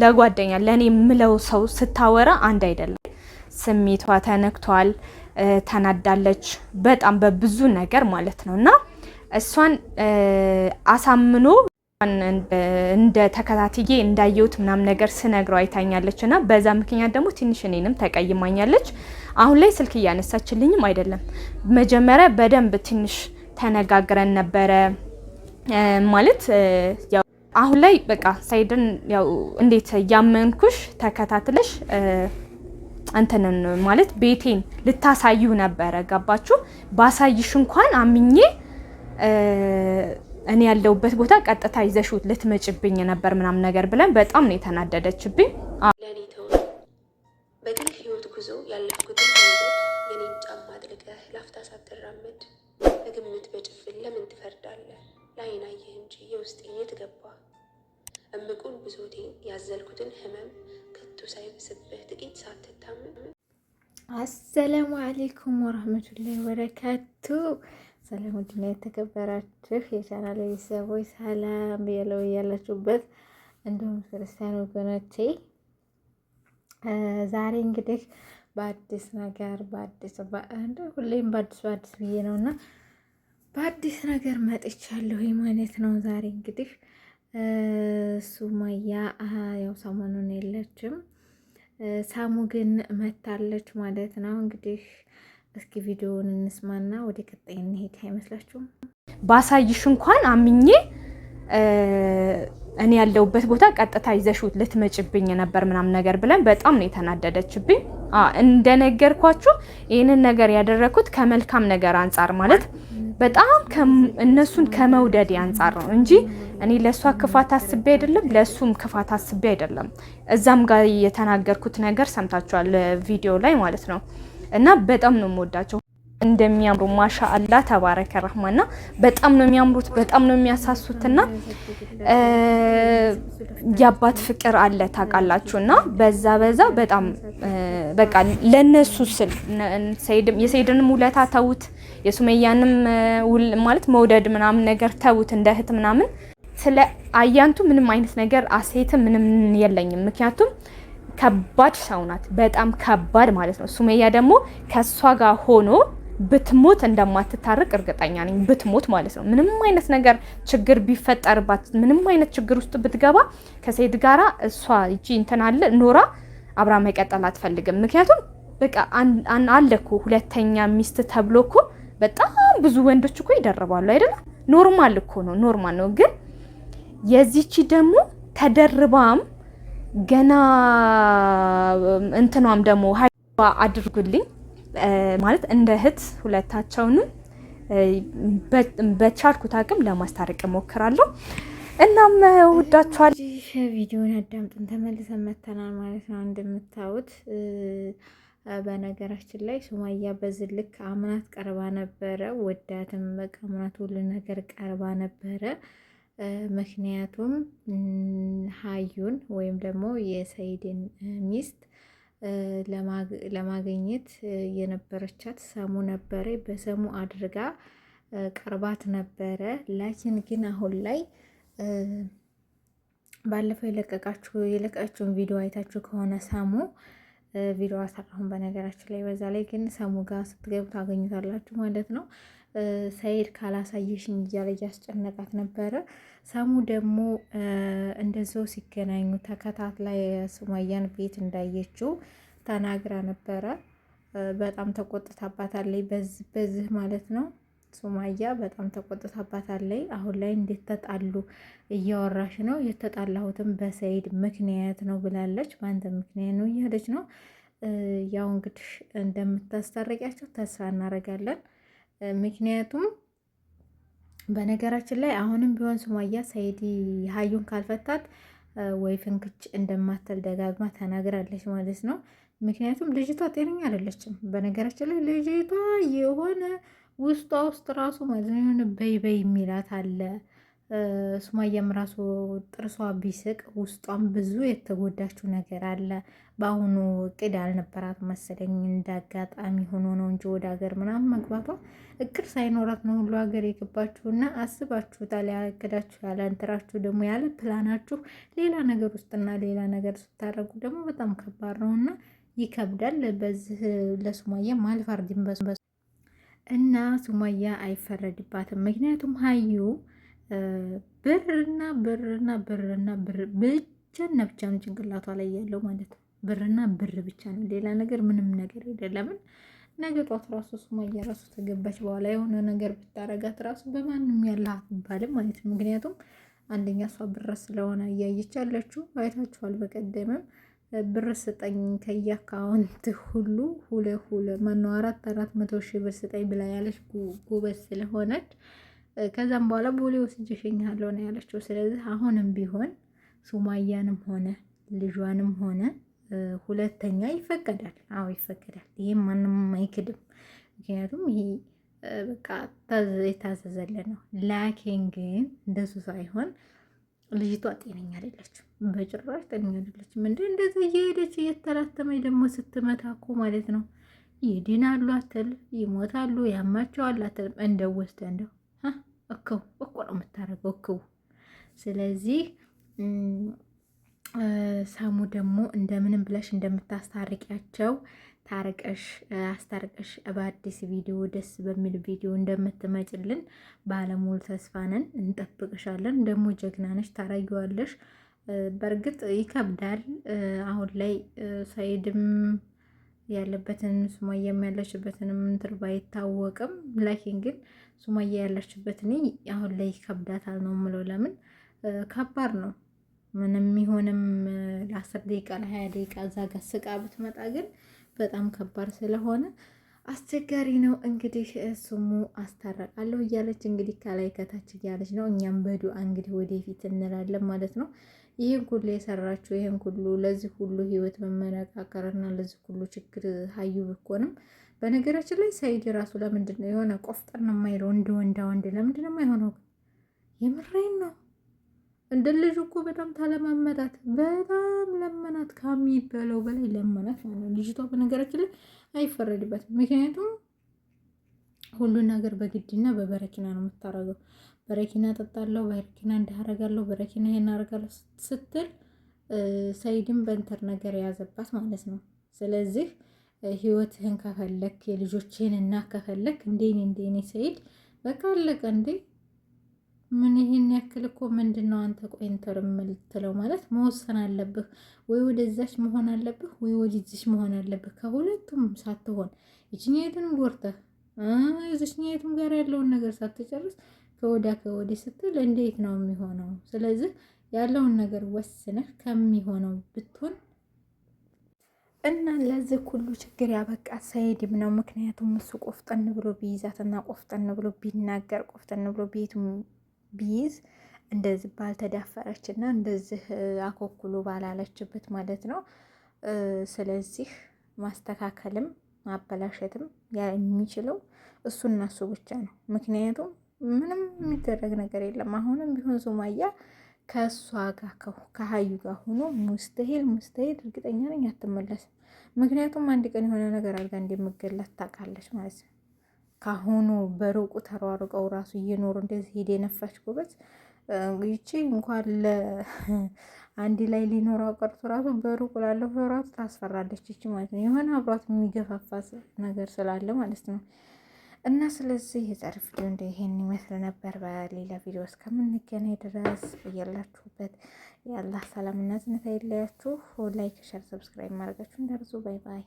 ለጓደኛ ለእኔ የምለው ሰው ስታወራ አንድ አይደለም። ስሜቷ ተነክቷል፣ ተናዳለች፣ በጣም በብዙ ነገር ማለት ነው እና እሷን አሳምኖ እንደ ተከታትዬ እንዳየሁት ምናምን ነገር ስነግረው አይታኛለች እና በዛ ምክንያት ደግሞ ትንሽ እኔንም ተቀይማኛለች። አሁን ላይ ስልክ እያነሳችልኝም አይደለም። መጀመሪያ በደንብ ትንሽ ተነጋግረን ነበረ ማለት አሁን ላይ በቃ ሳይድን ያው እንዴት እያመንኩሽ ተከታትለሽ እንትንን ማለት ቤቴን ልታሳዩ ነበረ። ገባችሁ? ባሳይሽ እንኳን አምኜ እኔ ያለሁበት ቦታ ቀጥታ ይዘሽት ልትመጭብኝ ነበር ምናምን ነገር ብለን በጣም ነው የተናደደችብኝ። በግል ህይወት ጉዞ ያለፍኩትን የኔን ጫማ አጥልቀህ ላፍታ ሳትራመድ ላይን አየህ እንጂ የውስጤ የት ገባ? እምቁን ብሶቴን ያዘልኩትን ህመም ከቶ ሳይብስብህ ጥቂት ሳትታመም። አሰላሙ አሌይኩም ወረህመቱላሂ ወበረካቱ። ሰላም ውድና የተከበራችሁ የቻናል ቤተሰቦች ሰላም ብያለው እያላችሁበት፣ እንዲሁም ክርስቲያን ወገኖቼ ዛሬ እንግዲህ በአዲስ ነገር በአዲስ ሁሌም በአዲሱ በአዲስ ብዬ ነው እና በአዲስ ነገር መጥቻለሁ ማለት ነው። ዛሬ እንግዲህ ሱመያ ያው ሰሞኑን የለችም፣ ሳሙ ግን መታለች ማለት ነው። እንግዲህ እስኪ ቪዲዮውን እንስማና ወደ ቀጣይ እንሄድ። አይመስላችሁም? ባሳይሽ እንኳን አምኜ እኔ ያለሁበት ቦታ ቀጥታ ይዘሽት ልትመጭብኝ ነበር ምናምን ነገር ብለን በጣም ነው የተናደደችብኝ። እንደነገርኳችሁ ይህንን ነገር ያደረኩት ከመልካም ነገር አንጻር ማለት በጣም እነሱን ከመውደድ አንጻር ነው እንጂ እኔ ለእሷ ክፋት አስቤ አይደለም፣ ለእሱም ክፋት አስቤ አይደለም። እዛም ጋር የተናገርኩት ነገር ሰምታችኋል ቪዲዮ ላይ ማለት ነው። እና በጣም ነው የምወዳቸው እንደሚያምሩ ማሻ አላ ተባረከ ረህማና በጣም ነው የሚያምሩት፣ በጣም ነው የሚያሳሱትና የአባት ፍቅር አለ ታውቃላችሁ። እና በዛ በዛ በጣም በቃ ለነሱ ስል የሰይድንም ውለታ ተዉት፣ የሱመያንም ማለት መውደድ ምናምን ነገር ተዉት፣ እንደ እህት ምናምን። ስለ አያንቱ ምንም አይነት ነገር አሴት ምንም የለኝም፣ ምክንያቱም ከባድ ሰው ናት። በጣም ከባድ ማለት ነው። ሱመያ ደግሞ ከእሷ ጋር ሆኖ ብትሞት እንደማትታረቅ እርግጠኛ ነኝ። ብትሞት ማለት ነው። ምንም አይነት ነገር ችግር ቢፈጠርባት፣ ምንም አይነት ችግር ውስጥ ብትገባ ከሰኢድ ጋራ እሷ እጂ እንትን አለ ኖራ አብራ መቀጠል አትፈልግም። ምክንያቱም በቃ አለ እኮ ሁለተኛ ሚስት ተብሎ እኮ በጣም ብዙ ወንዶች እኮ ይደርባሉ አይደለም። ኖርማል እኮ ነው፣ ኖርማል ነው። ግን የዚቺ ደግሞ ተደርባም ገና እንትኗም ደግሞ ሀይ አድርጉልኝ ማለት እንደ እህት ሁለታቸውንም በቻልኩት አቅም ለማስታረቅ እሞክራለሁ። እናም ወዳችኋል። ቪዲዮን አዳምጥን ተመልሰን መተናል ማለት ነው እንደምታዩት በነገራችን ላይ ሱማያ በዚህ ልክ አምናት ቀርባ ነበረ። ወዳትም በቃ አምናት ሁሉ ነገር ቀርባ ነበረ። ምክንያቱም ሀዩን ወይም ደግሞ የሰይድን ሚስት ለማግኘት የነበረቻት ሰሙ ነበረ። በሰሙ አድርጋ ቀርባት ነበረ። ላኪን ግን አሁን ላይ ባለፈው የለቀቃችሁ የለቀቃችሁን ቪዲዮ አይታችሁ ከሆነ ሰሙ ቪዲዮ አሰራሁን በነገራችን ላይ በዛ ላይ ግን ሰሙ ጋር ስትገቡ ታገኙታላችሁ ማለት ነው። ሰይድ ካላሳየሽኝ እያለ እያስጨነቃት ነበረ። ሳሙ ደግሞ እንደዛው ሲገናኙ ተከታትላ የሱመያን ቤት እንዳየችው ተናግራ ነበረ። በጣም ተቆጥታባታለች። በዚህ ማለት ነው ሱማያ በጣም ተቆጥታባታለች። አሁን ላይ እንዴት ተጣሉ እያወራሽ ነው፣ የተጣላሁትም በሰይድ ምክንያት ነው ብላለች። በአንተ ምክንያት ነው እያለች ነው። ያው እንግዲህ እንደምታስታረቂያቸው ተስፋ እናደርጋለን። ምክንያቱም በነገራችን ላይ አሁንም ቢሆን ሱማያ ሰይዲ ሀዩን ካልፈታት ወይ ፍንክች እንደማትል ደጋግማ ተናግራለች ማለት ነው። ምክንያቱም ልጅቷ ጤነኛ አይደለችም። በነገራችን ላይ ልጅቷ የሆነ ውስጧ ውስጥ ራሱ ማለት ነው የሆነ በይ በይ የሚላት አለ ሱማያም ራሱ ጥርሷ ቢስቅ ውስጧም ብዙ የተጎዳችው ነገር አለ። በአሁኑ እቅድ አልነበራት መሰለኝ እንዳጋጣሚ ሆኖ ነው እንጂ ወደ ሀገር ምናምን መግባቷ እቅድ ሳይኖራት ነው ሁሉ ሀገር የገባችሁ እና አስባችሁታል። ያላቅዳችሁ ያለ እንትራችሁ ደግሞ ያለ ፕላናችሁ ሌላ ነገር ውስጥና ሌላ ነገር ስታደርጉ ደግሞ በጣም ከባድ ነው እና ይከብዳል። በዚህ ለሱማያ አልፈርድም በሱ እና ሱማያ አይፈረድባትም። ምክንያቱም ሀዩ ብርና ብርና ብርና ብር ብቻና ብቻ ነው ጭንቅላቷ ላይ ያለው ማለት ነው። ብርና ብር ብቻ ነው፣ ሌላ ነገር ምንም ነገር አይደለምን። ነገ ጧት ራሱ ሱማያ ራሱ ተገባች በኋላ የሆነ ነገር ብታረጋት ራሱ በማንም ያለ ይባልም ማለት ነው። ምክንያቱም አንደኛ እሷ ብር ስለሆነ እያየች ያለችው አይታችኋል። በቀደምም ብር ስጠኝ ከየአካውንት ሁሉ ሁለ ሁለ ማነው አራት አራት መቶ ሺህ ብር ስጠኝ ብላ ያለች ጎበዝ ስለሆነች ከዛም በኋላ ቦሌ ወስጄ እሸኝሃለሁ ነው ያለችው። ስለዚህ አሁንም ቢሆን ሱማያንም ሆነ ልጇንም ሆነ ሁለተኛ ይፈቀዳል። አዎ ይፈቀዳል። ይሄ ማንም አይክድም። ምክንያቱም ይሄ በቃ የታዘዘለ ነው። ላኪን ግን እንደሱ ሳይሆን ልጅቷ ጤነኛ አይደለችም፣ በጭራሽ ጤነኛ አይደለችም። እንደ እንደዚ እየሄደች እየተላተመች ደግሞ ስትመታ እኮ ማለት ነው ይድናሉ አትል፣ ይሞታሉ፣ ያማቸዋል አትልም እንደ ወስደ እንደው እክው እኮ ነው የምታደርገው እክው። ስለዚህ ሳሙ ደግሞ እንደምንም ብለሽ እንደምታስታርቂያቸው ታርቀሽ አስታርቀሽ በአዲስ ቪዲዮ ደስ በሚል ቪዲዮ እንደምትመጭልን ባለሙሉ ተስፋ ነን። እንጠብቅሻለን። ደግሞ ጀግና ነሽ፣ ታረጊዋለሽ። በእርግጥ ይከብዳል። አሁን ላይ ሳይድም ያለበትን ሱማያም ያለችበትንም እንትን ባይታወቅም ላኪን ግን ሱማያ ያለችበት እኔ አሁን ላይ ከብዳታል ነው የምለው። ለምን ከባድ ነው። ምንም ይሆንም ለአስር ደቂቃ ለሀያ ደቂቃ እዛ ጋር ስቃ ብትመጣ ግን በጣም ከባድ ስለሆነ አስቸጋሪ ነው። እንግዲህ ስሙ አስታረቃለሁ እያለች እንግዲህ ከላይ ከታች እያለች ነው። እኛም በዱአ እንግዲህ ወደፊት እንላለን ማለት ነው። ይህን ሁሉ የሰራችው ይህን ሁሉ ለዚህ ሁሉ ህይወት መመነቃቀርና ለዚህ ሁሉ ችግር ሀዩ ብኮንም በነገራችን ላይ ሰኢድ ራሱ ለምንድን ነው የሆነ ቆፍጠር ነው የማይለው? እንደ ወንዳ ወንድ ለምንድን ነው የማይሆነው? የምሬን ነው። እንደ ልጅ እኮ በጣም ታለማመጣት፣ በጣም ለመናት፣ ከሚበለው በላይ ለመናት ነው። ልጅቷ በነገራችን ላይ አይፈረድበትም። ምክንያቱም ሁሉን ነገር በግድና በበረኪና ነው የምታረገው። በረኪና ጠጣለሁ፣ በረኪና እንዳረጋለሁ፣ በረኪና ይሄን አረጋለሁ ስትል ሰኢድን በንተር ነገር የያዘባት ማለት ነው። ስለዚህ ህይወትህን ከፈለክ የልጆችህን እና ከፈለክ እንዴኔ እንዴኔ ሰይድ በቃ አለቀ እንዴ። ምን ይህን ያክል እኮ ምንድን ነው አንተ? ቆይ የምትለው ማለት መወሰን አለብህ ወይ ወደዛች መሆን አለብህ ወይ ወደዚች መሆን አለብህ። ከሁለቱም ሳትሆን ይችኛይቱን ጎርተህ እዚችኛይቱም ጋር ያለውን ነገር ሳትጨርስ ከወዳ ከወዲ ስትል እንዴት ነው የሚሆነው? ስለዚህ ያለውን ነገር ወስነህ ከሚሆነው ብትሆን እና ለዚህ ሁሉ ችግር ያበቃ ሰኢድም ነው። ምክንያቱም እሱ ቆፍጠን ብሎ ቢይዛትና ቆፍጠን ብሎ ቢናገር ቆፍጠን ብሎ ቤቱ ቢይዝ እንደዚህ ባልተዳፈረች እና እንደዚህ አኮኩሎ ባላለችበት ማለት ነው። ስለዚህ ማስተካከልም ማበላሸትም የሚችለው እሱና እሱ ብቻ ነው። ምክንያቱም ምንም የሚደረግ ነገር የለም። አሁንም ቢሆን ሱመያ ከእሷ ጋር ከሀዩ ጋር ሆኖ ሙስተሂል ሙስተሂል እርግጠኛ ነኝ አትመለስም። ምክንያቱም አንድ ቀን የሆነ ነገር አድርጋ እንደምገላት ታውቃለች ማለት ነው። ካሁኑ በሩቁ ተሯርቀው ራሱ እየኖሩ እንደዚህ ሄደ የነፋች ጎበዝ ይቺ እንኳን ለአንድ ላይ ሊኖራ ቀርቶ ራሱ በሩቁ ላለው ራሱ ታስፈራለች ይቺ ማለት ነው። የሆነ አብሯት የሚገፋፋት ነገር ስላለ ማለት ነው። እና ስለዚህ የዛሬ ቪዲዮ እንደ ይሄን ይመስል ነበር። በሌላ ቪዲዮ እስከምንገናኝ ድረስ እያላችሁበት የአላህ ሰላምና ዝነት አይለያችሁ። ላይክ፣ ሸር፣ ሰብስክራይብ ማድረጋችሁ እንዳርሱ። ባይ ባይ።